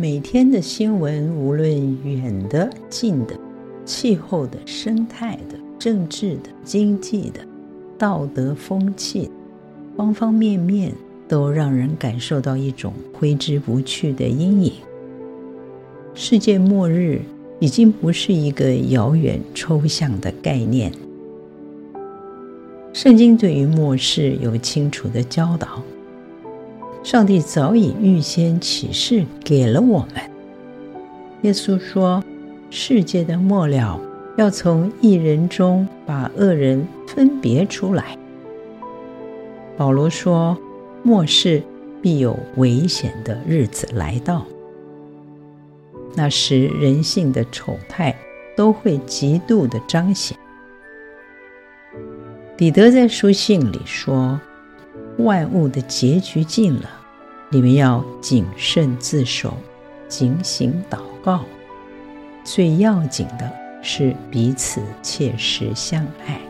每天的新聞，無論遠的、近的，氣候的、生態的、政治的、經濟的、道德風氣，方方面面都讓人感受到一種揮之不去的陰影。世界末日已經不是一個遙遠抽象的概念。聖經對於末世有清楚的教導。上帝早已預先啟示給了我們。耶穌說：“世界的末了，要從一人中把惡人分別出來。”保羅說：“末世必有危險的日子來到，那時人性的醜態都會極度的彰顯。”彼得在書信裡說。萬物的結局近了，你們要謹慎自守，警醒禱告。最要緊的是彼此切實相愛。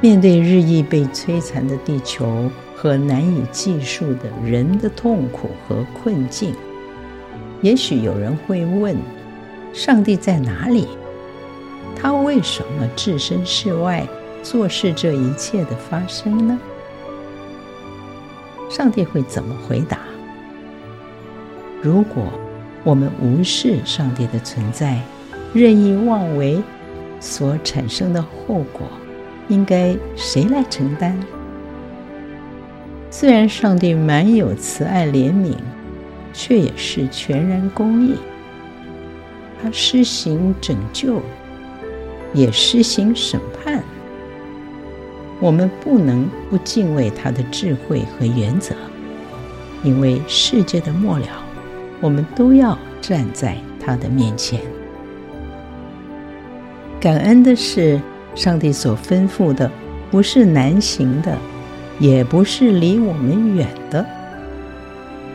面對日益被摧殘的地球和難以計數的人的痛苦和困境，也許有人會問：上帝在哪裡？他為什麼置身事外？做事這一切的發生呢？上帝會怎麼回答？如果我們無視上帝的存在，任意妄為，所產生的後果，應該誰來承擔？雖然上帝滿有慈愛憐憫，卻也是全然公義。他施行拯救，也施行審判。我們不能不敬畏他的智慧和原則，因為世界的末了，我們都要站在他的面前。感恩的是，上帝所吩咐的不是難行的，也不是離我們遠的。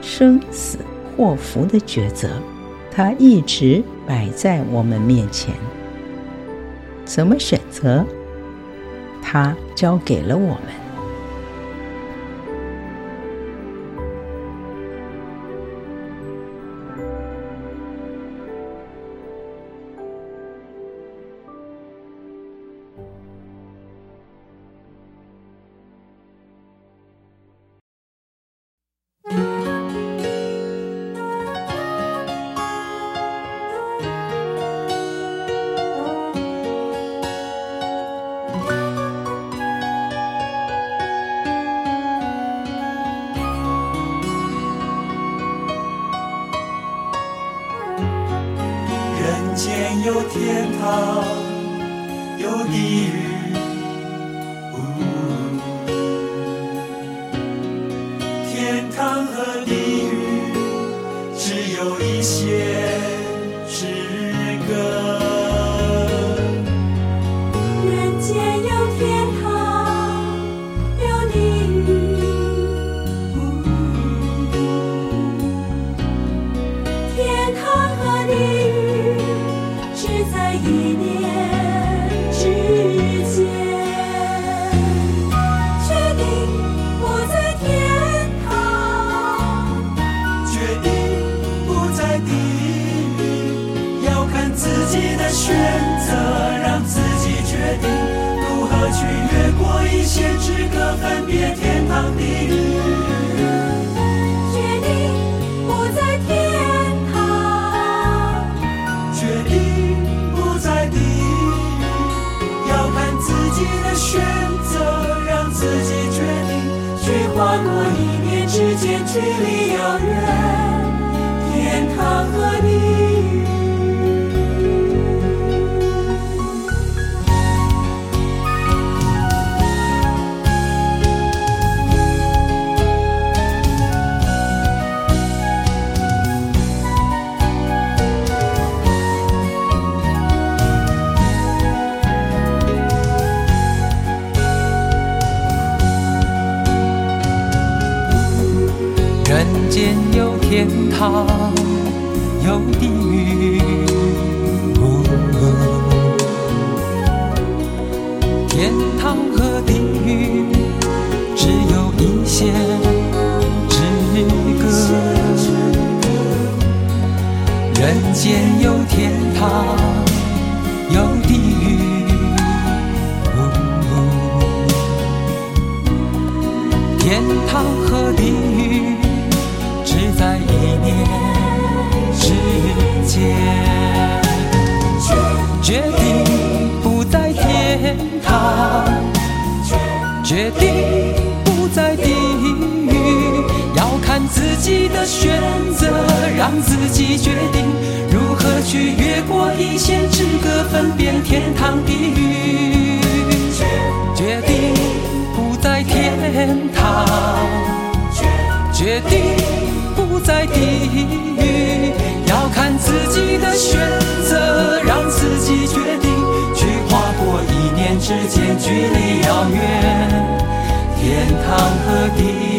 生死禍福的抉擇，他一直擺在我們面前。怎麼選擇？他交給了我們。有天堂，有地獄，天堂和地獄只有一線之隔。人間有天堂，有地獄，天堂和地獄。在一念之間，決定不在天堂，決定不在地獄，要看自己的選擇，讓自己決定如何去越過一線之隔，分別天堂地獄。跨過一念之間，距離遙遠，天堂和地。天堂有地獄、哦，天堂和地獄只有一線之隔。人間有天堂，有地獄、哦，天堂和。決定不在地獄，要看自己的選擇，讓自己決定如何去越過一線之隔，分辨天堂地獄。決定不在天堂，決定不在地獄，地獄要看自己的選擇。時間距離遙遠，天堂和地。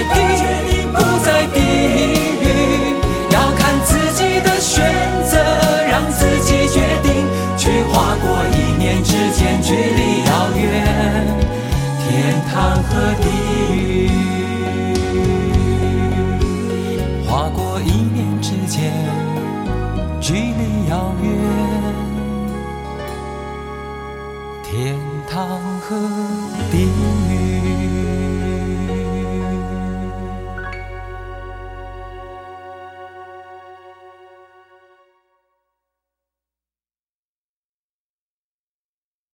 定不再地獄，要看自己的選擇，讓自己決定，去劃過一念之間，距離遙遠，天堂和地獄，劃過一念之間，距離遙遠，天堂和。